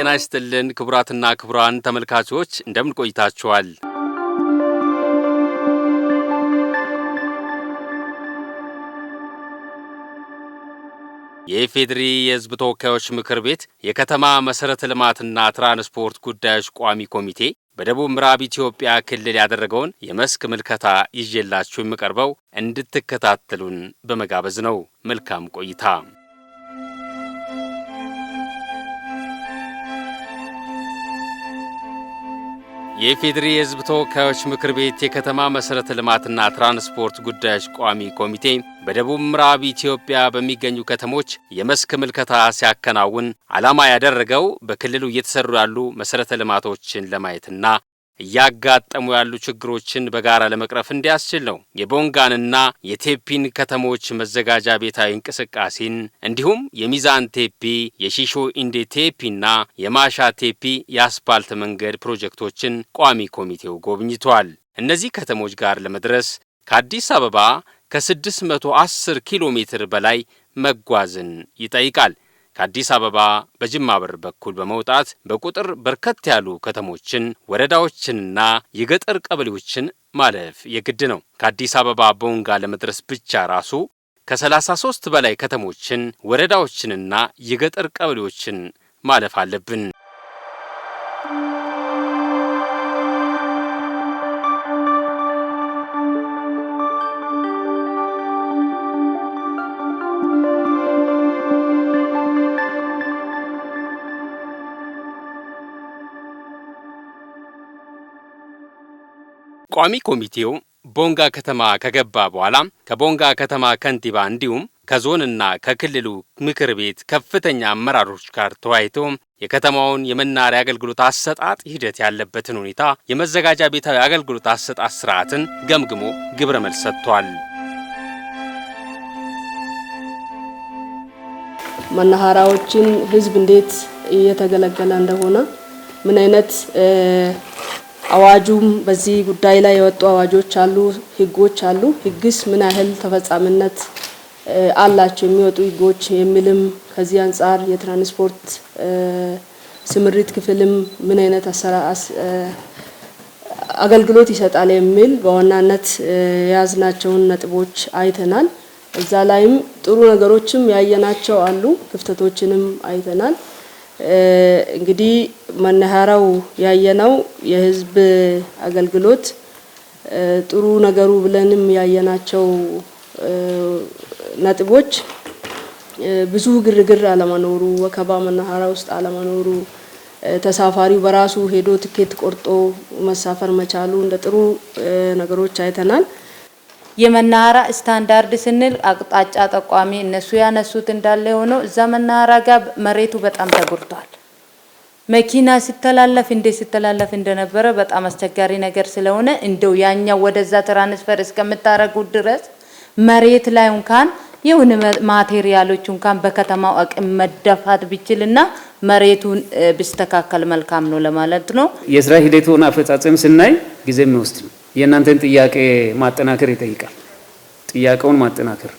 ጤና ይስጥልን ክቡራትና ክቡራን ተመልካቾች እንደምን ቆይታችኋል? የኢፌድሪ የሕዝብ ተወካዮች ምክር ቤት የከተማ መሠረተ ልማትና ትራንስፖርት ጉዳዮች ቋሚ ኮሚቴ በደቡብ ምዕራብ ኢትዮጵያ ክልል ያደረገውን የመስክ ምልከታ ይዤላችሁ የምቀርበው እንድትከታተሉን በመጋበዝ ነው። መልካም ቆይታ። የኢፌዴሪ የህዝብ ተወካዮች ምክር ቤት የከተማ መሠረተ ልማትና ትራንስፖርት ጉዳዮች ቋሚ ኮሚቴ በደቡብ ምዕራብ ኢትዮጵያ በሚገኙ ከተሞች የመስክ ምልከታ ሲያከናውን ዓላማ ያደረገው በክልሉ እየተሰሩ ያሉ መሠረተ ልማቶችን ለማየትና እያጋጠሙ ያሉ ችግሮችን በጋራ ለመቅረፍ እንዲያስችል ነው። የቦንጋንና የቴፒን ከተሞች መዘጋጃ ቤታዊ እንቅስቃሴን እንዲሁም የሚዛን ቴፒ፣ የሺሾ ኢንዴ ቴፒና የማሻ ቴፒ የአስፓልት መንገድ ፕሮጀክቶችን ቋሚ ኮሚቴው ጎብኝቷል። እነዚህ ከተሞች ጋር ለመድረስ ከአዲስ አበባ ከ610 ኪሎ ሜትር በላይ መጓዝን ይጠይቃል። ከአዲስ አበባ በጅማ በር በኩል በመውጣት በቁጥር በርከት ያሉ ከተሞችን ወረዳዎችንና የገጠር ቀበሌዎችን ማለፍ የግድ ነው። ከአዲስ አበባ ቦንጋ ለመድረስ ብቻ ራሱ ከ33 በላይ ከተሞችን ወረዳዎችንና የገጠር ቀበሌዎችን ማለፍ አለብን። ቋሚ ኮሚቴው ቦንጋ ከተማ ከገባ በኋላ ከቦንጋ ከተማ ከንቲባ እንዲሁም ከዞንና ከክልሉ ምክር ቤት ከፍተኛ አመራሮች ጋር ተወያይቶ የከተማውን የመናሪያ አገልግሎት አሰጣጥ ሂደት ያለበትን ሁኔታ፣ የመዘጋጃ ቤታዊ አገልግሎት አሰጣጥ ስርዓትን ገምግሞ ግብረ መልስ ሰጥቷል። መናኸሪያዎችን ህዝብ እንዴት እየተገለገለ እንደሆነ ምን አይነት አዋጁም በዚህ ጉዳይ ላይ የወጡ አዋጆች አሉ፣ ህጎች አሉ። ህግስ ምን ያህል ተፈጻሚነት አላቸው የሚወጡ ህጎች የሚልም ከዚህ አንጻር የትራንስፖርት ስምሪት ክፍልም ምን አይነት አገልግሎት ይሰጣል የሚል በዋናነት የያዝናቸውን ነጥቦች አይተናል። እዛ ላይም ጥሩ ነገሮችም ያየናቸው አሉ፣ ክፍተቶችንም አይተናል። እንግዲህ መናኸሪያው ያየነው የህዝብ አገልግሎት ጥሩ ነገሩ ብለንም ያየናቸው ነጥቦች ብዙ ግርግር አለመኖሩ፣ ወከባ መናኸሪያ ውስጥ አለመኖሩ፣ ተሳፋሪው በራሱ ሄዶ ትኬት ቆርጦ መሳፈር መቻሉ እንደ ጥሩ ነገሮች አይተናል። የመናኸራ ስታንዳርድ ስንል አቅጣጫ ጠቋሚ እነሱ ያነሱት እንዳለ ሆኖ እዛ መናኸራ ጋር መሬቱ በጣም ተጉርቷል። መኪና ሲተላለፍ እንዴት ሲተላለፍ እንደነበረ በጣም አስቸጋሪ ነገር ስለሆነ እንደው ያኛው ወደዛ ትራንስፈር እስከምታረጉት ድረስ መሬት ላይ እንኳን የሆነ ማቴሪያሎች እንኳን በከተማው አቅም መደፋት ቢችልና መሬቱን ቢስተካከል መልካም ነው ለማለት ነው። የስራ ሂደቱን አፈጻጸም ስናይ ጊዜ የሚወስድ ነው። የእናንተን ጥያቄ ማጠናከር ይጠይቃል። ጥያቄውን ማጠናከር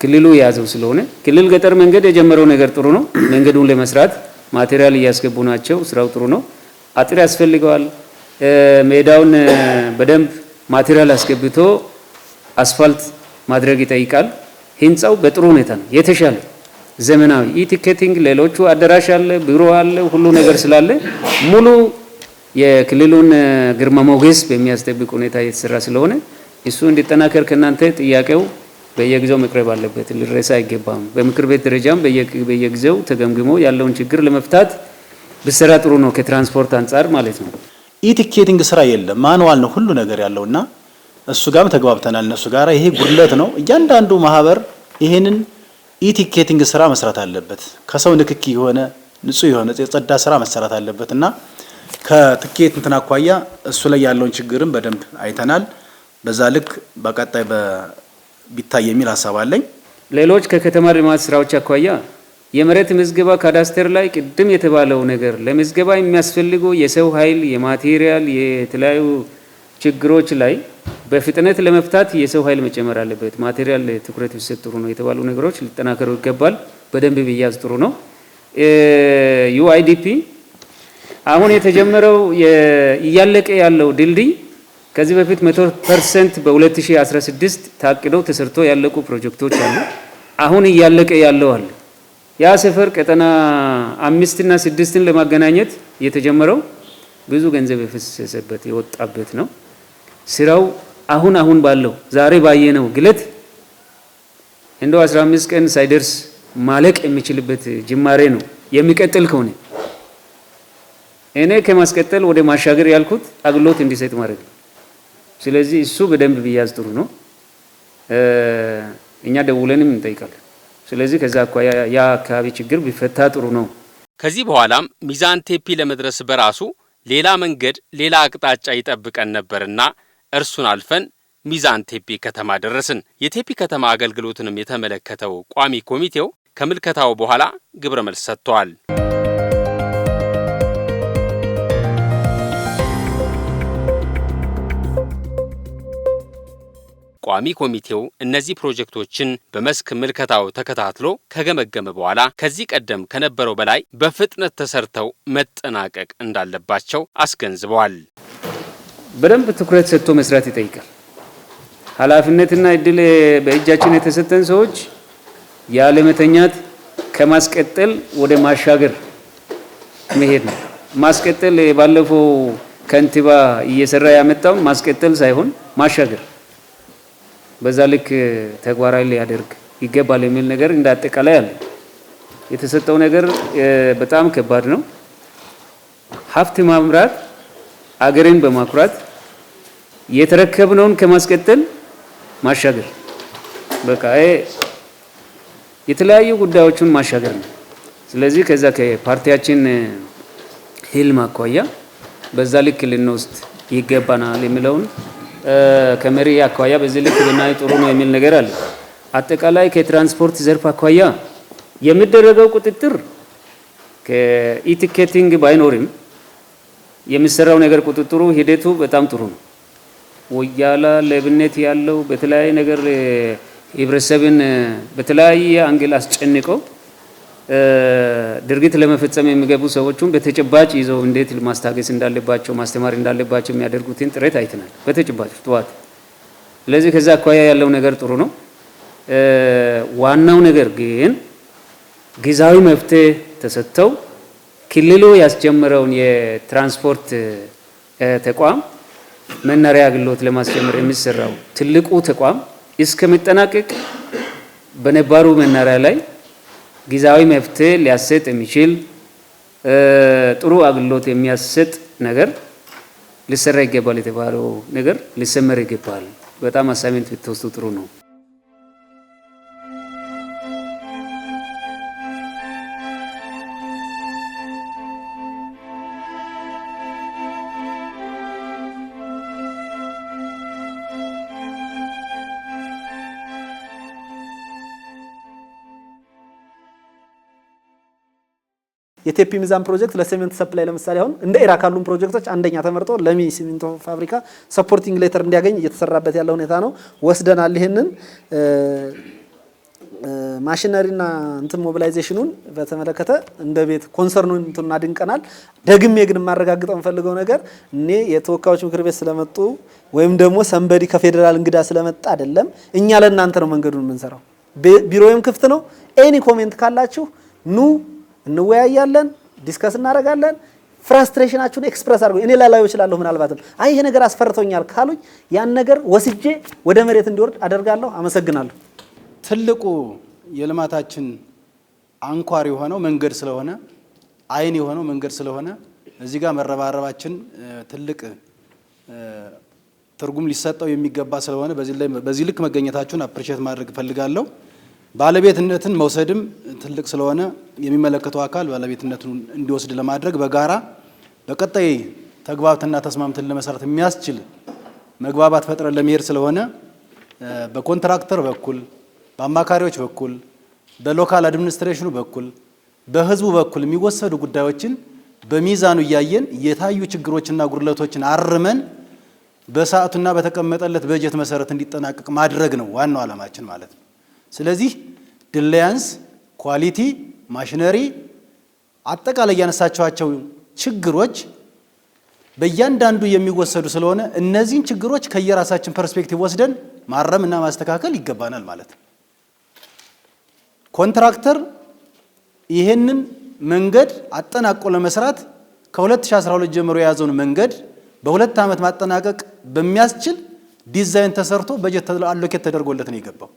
ክልሉ የያዘው ስለሆነ ክልል ገጠር መንገድ የጀመረው ነገር ጥሩ ነው። መንገዱን ለመስራት ማቴሪያል እያስገቡ ናቸው። ስራው ጥሩ ነው። አጥር ያስፈልገዋል። ሜዳውን በደንብ ማቴሪያል አስገብቶ አስፋልት ማድረግ ይጠይቃል። ህንፃው በጥሩ ሁኔታ ነው የተሻለ ዘመናዊ ኢቲኬቲንግ፣ ሌሎቹ አዳራሽ አለ፣ ቢሮ አለ፣ ሁሉ ነገር ስላለ ሙሉ የክልሉን ግርማ ሞገስ በሚያስጠብቅ ሁኔታ እየተሰራ ስለሆነ እሱ እንዲጠናከር ከእናንተ ጥያቄው በየጊዜው መቅረብ አለበት፣ ሊረሳ አይገባም። በምክር ቤት ደረጃም በየጊዜው ተገምግሞ ያለውን ችግር ለመፍታት ብሰራ ጥሩ ነው፣ ከትራንስፖርት አንጻር ማለት ነው። ኢቲኬቲንግ ስራ የለም ማንዋል ነው ሁሉ ነገር ያለውና እሱ ጋርም ተግባብተናል እነሱ ጋር። ይሄ ጉድለት ነው። እያንዳንዱ ማህበር ይሄንን ኢቲኬቲንግ ስራ መስራት አለበት። ከሰው ንክኪ የሆነ ንጹህ የሆነ የጸዳ ስራ መሰራት አለበት እና ከትኬት እንትን አኳያ እሱ ላይ ያለውን ችግርም በደንብ አይተናል። በዛ ልክ በቀጣይ ቢታይ የሚል ሀሳብ አለኝ። ሌሎች ከከተማ ልማት ስራዎች አኳያ የመሬት ምዝገባ ካዳስተር ላይ ቅድም የተባለው ነገር ለምዝገባ የሚያስፈልጉ የሰው ኃይል፣ የማቴሪያል፣ የተለያዩ ችግሮች ላይ በፍጥነት ለመፍታት የሰው ኃይል መጨመር አለበት። ማቴሪያል ትኩረት ቢሰጥ ጥሩ ነው የተባሉ ነገሮች ሊጠናከሩ ይገባል። በደንብ ብያዝ ጥሩ ነው። ዩአይዲፒ አሁን የተጀመረው እያለቀ ያለው ድልድይ ከዚህ በፊት 100% በ2016 ታቅደው ተሰርቶ ያለቁ ፕሮጀክቶች አሉ። አሁን እያለቀ ያለው አለ። ያ ሰፈር ቀጠና አምስትና ስድስትን ለማገናኘት የተጀመረው ብዙ ገንዘብ የፈሰሰበት የወጣበት ነው። ስራው አሁን አሁን ባለው ዛሬ ባየነው ግለት እንደው 15 ቀን ሳይደርስ ማለቅ የሚችልበት ጅማሬ ነው የሚቀጥል ከሆነ እኔ ከማስቀጠል ወደ ማሻገር ያልኩት አግሎት እንዲሰጥ ማድረግ ነው። ስለዚህ እሱ በደንብ ብያዝ ጥሩ ነው። እኛ ደውለንም እንጠይቃለን። ስለዚህ ከዛ አኳያ ያ አካባቢ ችግር ቢፈታ ጥሩ ነው። ከዚህ በኋላም ሚዛን ቴፒ ለመድረስ በራሱ ሌላ መንገድ፣ ሌላ አቅጣጫ ይጠብቀን ነበርና እርሱን አልፈን ሚዛን ቴፒ ከተማ ደረስን። የቴፒ ከተማ አገልግሎትንም የተመለከተው ቋሚ ኮሚቴው ከምልከታው በኋላ ግብረ መልስ ሰጥተዋል። ቋሚ ኮሚቴው እነዚህ ፕሮጀክቶችን በመስክ ምልከታው ተከታትሎ ከገመገመ በኋላ ከዚህ ቀደም ከነበረው በላይ በፍጥነት ተሰርተው መጠናቀቅ እንዳለባቸው አስገንዝበዋል። በደንብ ትኩረት ሰጥቶ መስራት ይጠይቃል። ኃላፊነትና እድል በእጃችን የተሰጠን ሰዎች ያለመተኛት ከማስቀጠል ወደ ማሻገር መሄድ ነው። ማስቀጠል ባለፈው ከንቲባ እየሰራ ያመጣውን ማስቀጠል ሳይሆን ማሻገር በዛ ልክ ተግባራዊ ሊያደርግ ይገባል የሚል ነገር እንዳጠቃላይ አለ። የተሰጠው ነገር በጣም ከባድ ነው። ሀብት ማምራት አገሬን በማኩራት የተረከብነውን ከማስቀጠል ማሻገር በቃ የተለያዩ ጉዳዮችን ማሻገር ነው። ስለዚህ ከዛ ከፓርቲያችን ህልም አኳያ በዛ ልክ ልንወስድ ይገባናል የሚለውን ከመሪ አኳያ በዚህ ልክ ብናይ ጥሩ ነው የሚል ነገር አለ። አጠቃላይ ከትራንስፖርት ዘርፍ አኳያ የሚደረገው ቁጥጥር ከኢቲኬቲንግ ባይኖርም የሚሰራው ነገር ቁጥጥሩ ሂደቱ በጣም ጥሩ ነው። ወያላ ለብነት ያለው በተለያየ ነገር ህብረተሰብን በተለያየ አንግል አስጨንቀው ድርጊት ለመፈጸም የሚገቡ ሰዎቹን በተጨባጭ ይዘው እንዴት ማስታገስ እንዳለባቸው ማስተማር እንዳለባቸው የሚያደርጉትን ጥረት አይተናል። በተጨባጭ ጠዋት። ስለዚህ ከዛ አኳያ ያለው ነገር ጥሩ ነው። ዋናው ነገር ግን ጊዜያዊ መፍትሄ ተሰጥተው ክልሉ ያስጀመረውን የትራንስፖርት ተቋም መናሪያ አገልግሎት ለማስጀመር የሚሰራው ትልቁ ተቋም እስከሚጠናቀቅ በነባሩ መናሪያ ላይ ጊዜያዊ መፍትሄ ሊያሰጥ የሚችል ጥሩ አገልግሎት የሚያሰጥ ነገር ሊሰራ ይገባል የተባለው ነገር ሊሰመር ይገባል። በጣም አሳሚነት ብትወስዱ ጥሩ ነው። የቴፒ ሚዛን ፕሮጀክት ለሲሜንት ሰፕላይ ለምሳሌ አሁን እንደ ኢራ ካሉን ፕሮጀክቶች አንደኛ ተመርጦ ለሚ ሲሚንቶ ፋብሪካ ሰፖርቲንግ ሌተር እንዲያገኝ እየተሰራበት ያለ ሁኔታ ነው። ወስደናል። ይህንን ማሽነሪና እንትን ሞቢላይዜሽኑን በተመለከተ እንደ ቤት ኮንሰርኑን እንትን አድንቀናል። ደግሜ ግን የማረጋግጠው የምፈልገው ነገር እኔ የተወካዮች ምክር ቤት ስለመጡ ወይም ደግሞ ሰንበዲ ከፌዴራል እንግዳ ስለመጣ አይደለም። እኛ ለእናንተ ነው መንገዱን የምንሰራው። ቢሮዬም ክፍት ነው። ኤኒ ኮሜንት ካላችሁ ኑ እንወያያለን፣ ዲስከስ እናደርጋለን። ፍራስትሬሽናችሁን ኤክስፕረስ አድርጉ። እኔ ላላዩ እችላለሁ። ምናልባትም አይ ይሄ ነገር አስፈርቶኛል ካሉኝ ያን ነገር ወስጄ ወደ መሬት እንዲወርድ አደርጋለሁ። አመሰግናለሁ። ትልቁ የልማታችን አንኳር የሆነው መንገድ ስለሆነ አይን የሆነው መንገድ ስለሆነ እዚህ ጋር መረባረባችን ትልቅ ትርጉም ሊሰጠው የሚገባ ስለሆነ በዚህ ልክ መገኘታችሁን አፕሪሼት ማድረግ እፈልጋለሁ። ባለቤትነትን መውሰድም ትልቅ ስለሆነ የሚመለከተው አካል ባለቤትነቱን እንዲወስድ ለማድረግ በጋራ በቀጣይ ተግባብትና ተስማምትን ለመስራት የሚያስችል መግባባት ፈጥረን ለመሄድ ስለሆነ በኮንትራክተር በኩል በአማካሪዎች በኩል በሎካል አድሚኒስትሬሽኑ በኩል በህዝቡ በኩል የሚወሰዱ ጉዳዮችን በሚዛኑ እያየን የታዩ ችግሮችና ጉድለቶችን አርመን በሰዓቱና በተቀመጠለት በጀት መሰረት እንዲጠናቀቅ ማድረግ ነው ዋናው ዓላማችን ማለት ነው። ስለዚህ ድላያንስ፣ ኳሊቲ፣ ማሽነሪ አጠቃላይ ያነሳቸዋቸው ችግሮች በእያንዳንዱ የሚወሰዱ ስለሆነ እነዚህን ችግሮች ከየራሳችን ፐርስፔክቲቭ ወስደን ማረም እና ማስተካከል ይገባናል ማለት ነው። ኮንትራክተር ይህንን መንገድ አጠናቆ ለመስራት ከ2012 ጀምሮ የያዘውን መንገድ በሁለት ዓመት ማጠናቀቅ በሚያስችል ዲዛይን ተሰርቶ በጀት አሎኬት ተደርጎለት ነው የገባው።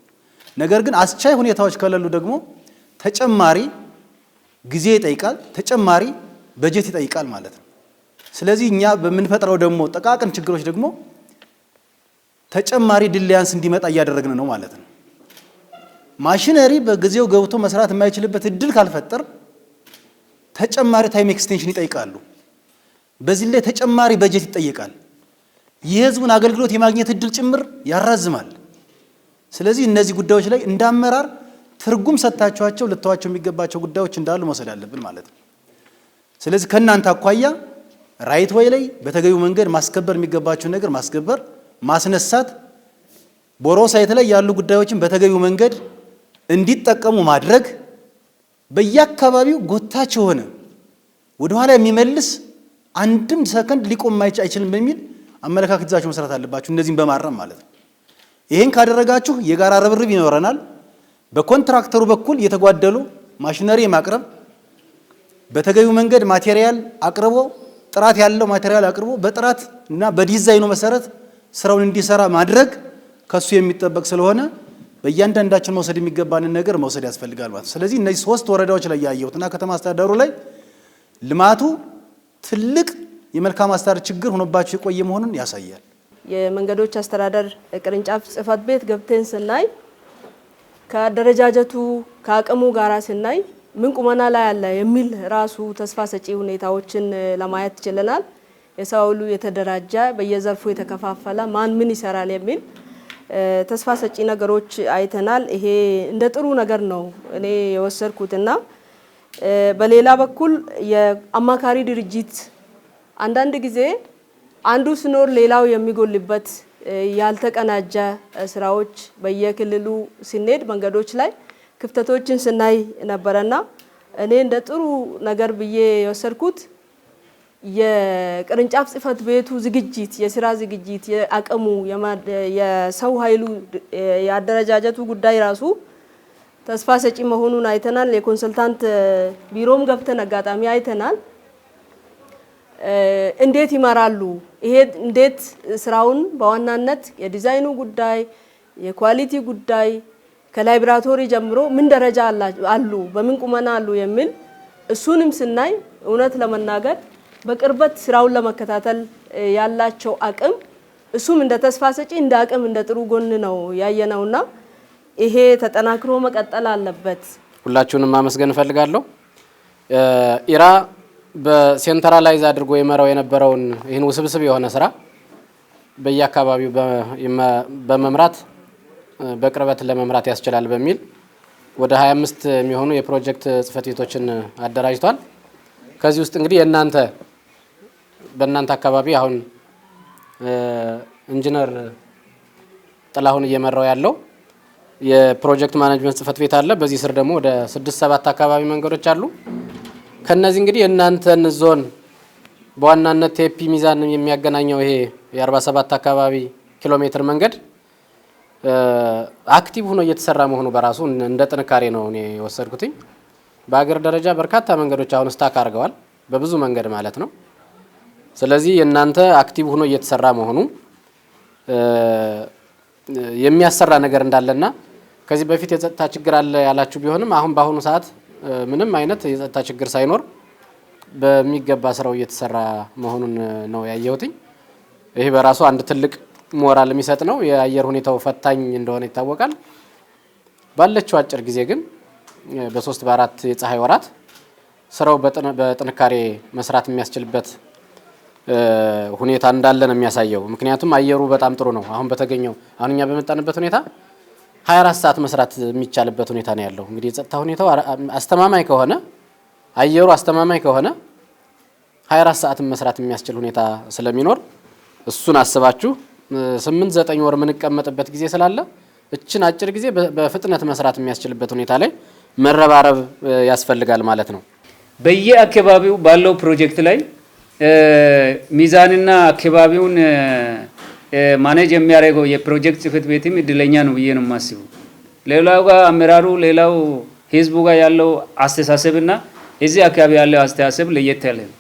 ነገር ግን አስቻይ ሁኔታዎች ከሌሉ ደግሞ ተጨማሪ ጊዜ ይጠይቃል፣ ተጨማሪ በጀት ይጠይቃል ማለት ነው። ስለዚህ እኛ በምንፈጥረው ደግሞ ጠቃቅን ችግሮች ደግሞ ተጨማሪ ድሊያንስ እንዲመጣ እያደረግን ነው ማለት ነው። ማሽነሪ በጊዜው ገብቶ መስራት የማይችልበት እድል ካልፈጠር ተጨማሪ ታይም ኤክስቴንሽን ይጠይቃሉ። በዚህ ላይ ተጨማሪ በጀት ይጠይቃል። የህዝቡን አገልግሎት የማግኘት እድል ጭምር ያራዝማል። ስለዚህ እነዚህ ጉዳዮች ላይ እንደ አመራር ትርጉም ሰጥታችኋቸው ልተዋቸው የሚገባቸው ጉዳዮች እንዳሉ መውሰድ አለብን ማለት ነው። ስለዚህ ከእናንተ አኳያ ራይት ወይ ላይ በተገቢ መንገድ ማስከበር የሚገባቸው ነገር ማስከበር፣ ማስነሳት፣ ቦሮ ሳይት ላይ ያሉ ጉዳዮችን በተገቢው መንገድ እንዲጠቀሙ ማድረግ፣ በየአካባቢው ጎታች የሆነ ወደኋላ የሚመልስ አንድም ሰከንድ ሊቆም አይችልም በሚል አመለካከት ይዛችሁ መስራት አለባችሁ፣ እነዚህም በማረም ማለት ነው። ይህን ካደረጋችሁ የጋራ ርብርብ ይኖረናል። በኮንትራክተሩ በኩል የተጓደሉ ማሽነሪ ማቅረብ፣ በተገቢው መንገድ ማቴሪያል አቅርቦ ጥራት ያለው ማቴሪያል አቅርቦ በጥራት እና በዲዛይኑ መሰረት ስራውን እንዲሰራ ማድረግ ከሱ የሚጠበቅ ስለሆነ በእያንዳንዳችን መውሰድ የሚገባንን ነገር መውሰድ ያስፈልጋል ማለት ስለዚህ እነዚህ ሶስት ወረዳዎች ላይ እና ከተማ አስተዳደሩ ላይ ልማቱ ትልቅ የመልካም አስተዳደር ችግር ሆኖባቸው የቆየ መሆኑን ያሳያል። የመንገዶች አስተዳደር ቅርንጫፍ ጽህፈት ቤት ገብተን ስናይ ከአደረጃጀቱ ከአቅሙ ጋራ ስናይ ምን ቁመና ላይ አለ የሚል ራሱ ተስፋ ሰጪ ሁኔታዎችን ለማየት ችለናል። የሰው ሁሉ የተደራጀ በየዘርፉ የተከፋፈለ ማን ምን ይሰራል የሚል ተስፋ ሰጪ ነገሮች አይተናል። ይሄ እንደ ጥሩ ነገር ነው እኔ የወሰድኩትና በሌላ በኩል የአማካሪ ድርጅት አንዳንድ ጊዜ አንዱ ስኖር ሌላው የሚጎልበት ያልተቀናጀ ስራዎች በየክልሉ ስንሄድ መንገዶች ላይ ክፍተቶችን ስናይ ነበረና እኔ እንደ ጥሩ ነገር ብዬ የወሰድኩት የቅርንጫፍ ጽህፈት ቤቱ ዝግጅት፣ የስራ ዝግጅት፣ የአቅሙ የሰው ኃይሉ የአደረጃጀቱ ጉዳይ ራሱ ተስፋ ሰጪ መሆኑን አይተናል። የኮንሰልታንት ቢሮም ገብተን አጋጣሚ አይተናል። እንዴት ይመራሉ? ይሄ እንዴት ስራውን በዋናነት የዲዛይኑ ጉዳይ፣ የኳሊቲ ጉዳይ ከላይብራቶሪ ጀምሮ ምን ደረጃ አሉ፣ በምን ቁመና አሉ የሚል እሱንም ስናይ እውነት ለመናገር በቅርበት ስራውን ለመከታተል ያላቸው አቅም እሱም እንደ ተስፋ ሰጪ እንደ አቅም እንደ ጥሩ ጎን ነው ያየነውና ይሄ ተጠናክሮ መቀጠል አለበት። ሁላችሁንም ማመስገን እፈልጋለሁ ኢራ በሴንትራላይዝ አድርጎ የመራው የነበረውን ይህን ውስብስብ የሆነ ስራ በየአካባቢው በመምራት በቅርበት ለመምራት ያስችላል በሚል ወደ 25 የሚሆኑ የፕሮጀክት ጽህፈት ቤቶችን አደራጅቷል። ከዚህ ውስጥ እንግዲህ የእናንተ በእናንተ አካባቢ አሁን ኢንጂነር ጥላሁን እየመራው ያለው የፕሮጀክት ማኔጅመንት ጽህፈት ቤት አለ። በዚህ ስር ደግሞ ወደ ስድስት ሰባት አካባቢ መንገዶች አሉ። ከነዚህ እንግዲህ የእናንተን ዞን በዋናነት ቴፒ ሚዛን የሚያገናኘው ይሄ የ47 አካባቢ ኪሎ ሜትር መንገድ አክቲቭ ሆኖ እየተሰራ መሆኑ በራሱ እንደ ጥንካሬ ነው እኔ የወሰድኩትኝ። በሀገር ደረጃ በርካታ መንገዶች አሁን ስታክ አድርገዋል፣ በብዙ መንገድ ማለት ነው። ስለዚህ የእናንተ አክቲቭ ሆኖ እየተሰራ መሆኑ የሚያሰራ ነገር እንዳለና ከዚህ በፊት የጸጥታ ችግር አለ ያላችሁ ቢሆንም አሁን በአሁኑ ሰዓት ምንም አይነት የጸጥታ ችግር ሳይኖር በሚገባ ስራው እየተሰራ መሆኑን ነው ያየሁትኝ። ይሄ በራሱ አንድ ትልቅ ሞራል የሚሰጥ ነው። የአየር ሁኔታው ፈታኝ እንደሆነ ይታወቃል። ባለችው አጭር ጊዜ ግን በሶስት በአራት የፀሐይ ወራት ስራው በጥንካሬ መስራት የሚያስችልበት ሁኔታ እንዳለ ነው የሚያሳየው። ምክንያቱም አየሩ በጣም ጥሩ ነው። አሁን በተገኘው አሁን እኛ በመጣንበት ሁኔታ 24 ሰዓት መስራት የሚቻልበት ሁኔታ ነው ያለው። እንግዲህ የጸጥታ ሁኔታው አስተማማኝ ከሆነ አየሩ አስተማማኝ ከሆነ 24 ሰዓትን መስራት የሚያስችል ሁኔታ ስለሚኖር እሱን አስባችሁ 8 9 ወር የምንቀመጥበት ጊዜ ስላለ እችን አጭር ጊዜ በፍጥነት መስራት የሚያስችልበት ሁኔታ ላይ መረባረብ ያስፈልጋል ማለት ነው። በየአካባቢው ባለው ፕሮጀክት ላይ ሚዛንና አካባቢውን ማኔጅ የሚያደርገው የፕሮጀክት ጽህፈት ቤትም እድለኛ ነው ብዬ ነው የማስበው። ሌላው ጋር አመራሩ፣ ሌላው ህዝቡ ጋር ያለው አስተሳሰብና እዚህ አካባቢ ያለው አስተሳሰብ ለየት ያለ ነው።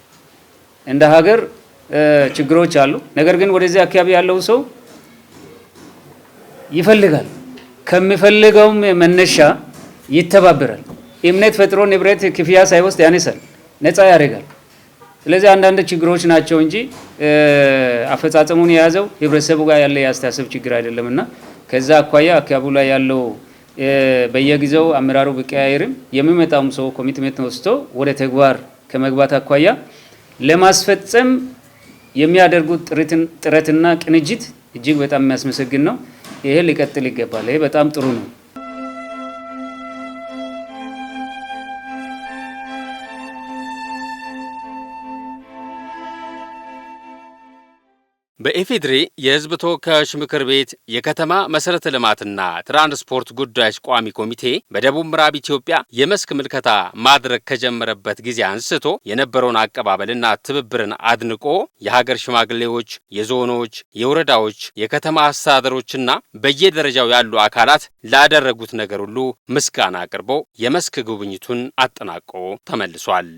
እንደ ሀገር ችግሮች አሉ። ነገር ግን ወደዚህ አካባቢ ያለው ሰው ይፈልጋል፣ ከሚፈልገውም መነሻ ይተባበራል። እምነት ፈጥሮ ንብረት ክፍያ ሳይወስድ ያነሳል፣ ነፃ ያደርጋል። ስለዚህ አንዳንድ ችግሮች ናቸው እንጂ አፈጻጸሙን የያዘው ህብረተሰቡ ጋር ያለ የአስተሳሰብ ችግር አይደለም እና ከዛ አኳያ አካባቢው ላይ ያለው በየጊዜው አመራሩ ቢቀያየርም የሚመጣውም ሰው ኮሚትመንት ወስቶ ወደ ተግባር ከመግባት አኳያ ለማስፈጸም የሚያደርጉት ጥረትና ቅንጅት እጅግ በጣም የሚያስመሰግን ነው። ይሄ ሊቀጥል ይገባል። ይሄ በጣም ጥሩ ነው። በኢፌድሪ የህዝብ ተወካዮች ምክር ቤት የከተማ መሠረተ ልማትና ትራንስፖርት ጉዳዮች ቋሚ ኮሚቴ በደቡብ ምዕራብ ኢትዮጵያ የመስክ ምልከታ ማድረግ ከጀመረበት ጊዜ አንስቶ የነበረውን አቀባበልና ትብብርን አድንቆ የሀገር ሽማግሌዎች፣ የዞኖች፣ የወረዳዎች፣ የከተማ አስተዳደሮችና በየደረጃው ያሉ አካላት ላደረጉት ነገር ሁሉ ምስጋና አቅርቦ የመስክ ጉብኝቱን አጠናቆ ተመልሷል።